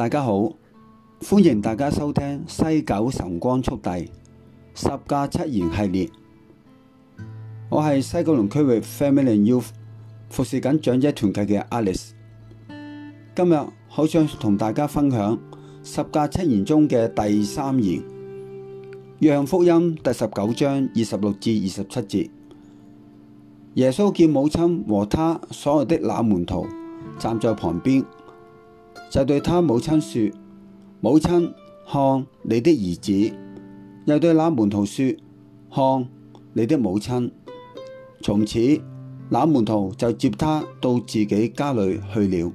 大家好，歡迎大家收聽西九晨光速遞十架七言系列。我係西九龍區域 Family and Youth 服侍緊長者團契嘅 Alex。今日好想同大家分享十架七言中嘅第三言，約翰福音第十九章二十六至二十七節。耶穌見母親和他所有的那門徒站在旁邊。就對他母親說：母親，看你的兒子。又對那門徒說：看你的母親。從此，那門徒就接他到自己家裏去了。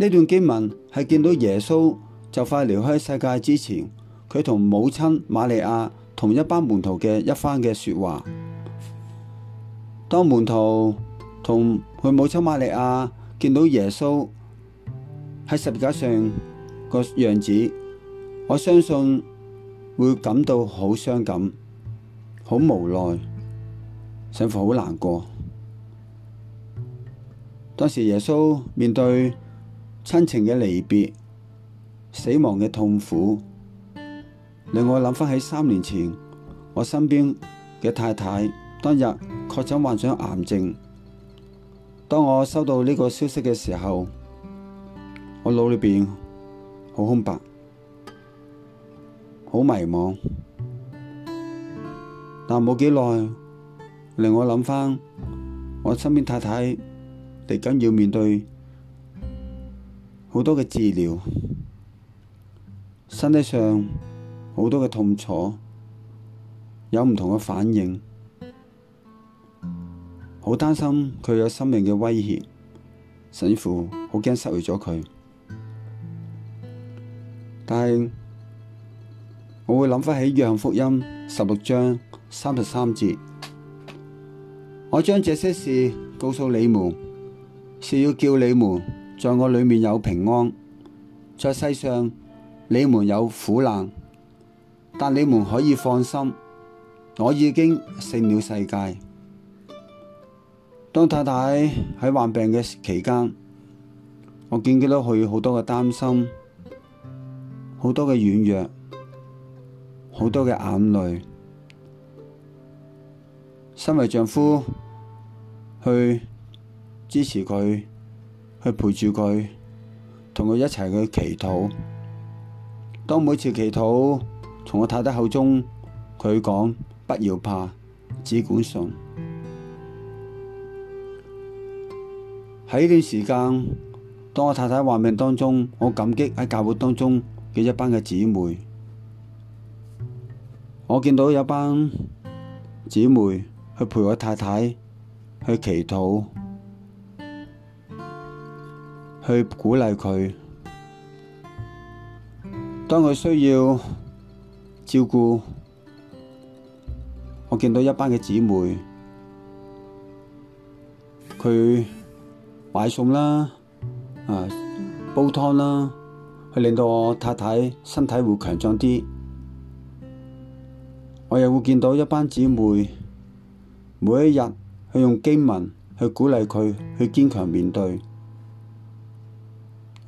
呢段經文係見到耶穌就快離開世界之前，佢同母親瑪利亞同一班門徒嘅一番嘅說話。當門徒同佢母親瑪利亞。見到耶穌喺十字架上個樣子，我相信會感到好傷感、好無奈、甚至好難過。當時耶穌面對親情嘅離別、死亡嘅痛苦，令我諗翻起三年前我身邊嘅太太，當日確診患上癌症。當我收到呢個消息嘅時候，我腦裏邊好空白，好迷茫。但冇幾耐，令我諗返，我身邊太太嚟緊要面對好多嘅治療，身體上好多嘅痛楚，有唔同嘅反應。好擔心佢有生命嘅威脅，甚至乎好驚失去咗佢。但係我會諗翻起《約翰福音》十六章三十三節，我將這些事告訴你們，是要叫你們在我裏面有平安，在世上你們有苦難，但你們可以放心，我已經勝了世界。當太太喺患病嘅期間，我見見到佢好多嘅擔心，好多嘅軟弱，好多嘅眼淚。身為丈夫，去支持佢，去陪住佢，同佢一齊去祈禱。當每次祈禱，從我太太口中，佢講：不要怕，只管信。喺呢段時間，當我太太患病當中，我感激喺教會當中嘅一班嘅姊妹。我見到一班姊妹去陪我太太，去祈禱，去鼓勵佢。當佢需要照顧，我見到一班嘅姊妹，佢，買餸啦，啊，煲湯啦，去令到我太太身體會強壯啲。我又會見到一班姊妹，每一日去用經文去鼓勵佢去堅強面對。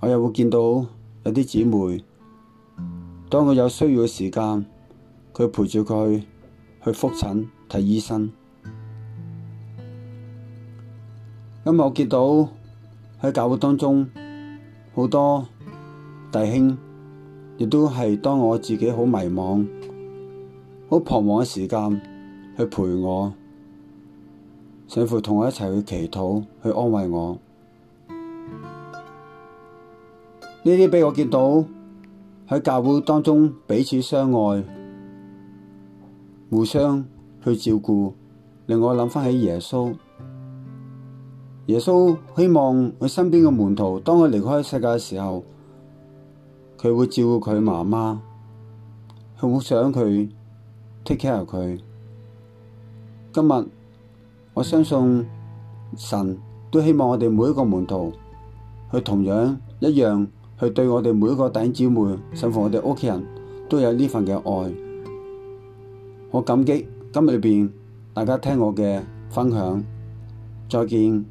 我又會見到有啲姊妹，當佢有需要嘅時間，佢陪住佢去復診、睇醫生。咁我見到喺教會當中好多弟兄，亦都係當我自己好迷茫、好彷徨嘅時間，去陪我，甚至同我一齊去祈禱、去安慰我。呢啲俾我見到喺教會當中彼此相愛、互相去照顧，令我諗翻起耶穌。耶穌希望佢身邊嘅門徒，當佢離開世界嘅時候，佢會照顧佢媽媽，佢會想佢 take care 佢。今日我相信神都希望我哋每一個門徒去同樣一樣去對我哋每一個弟兄姊妹，甚至乎我哋屋企人都有呢份嘅愛。我感激今日裏邊大家聽我嘅分享，再見。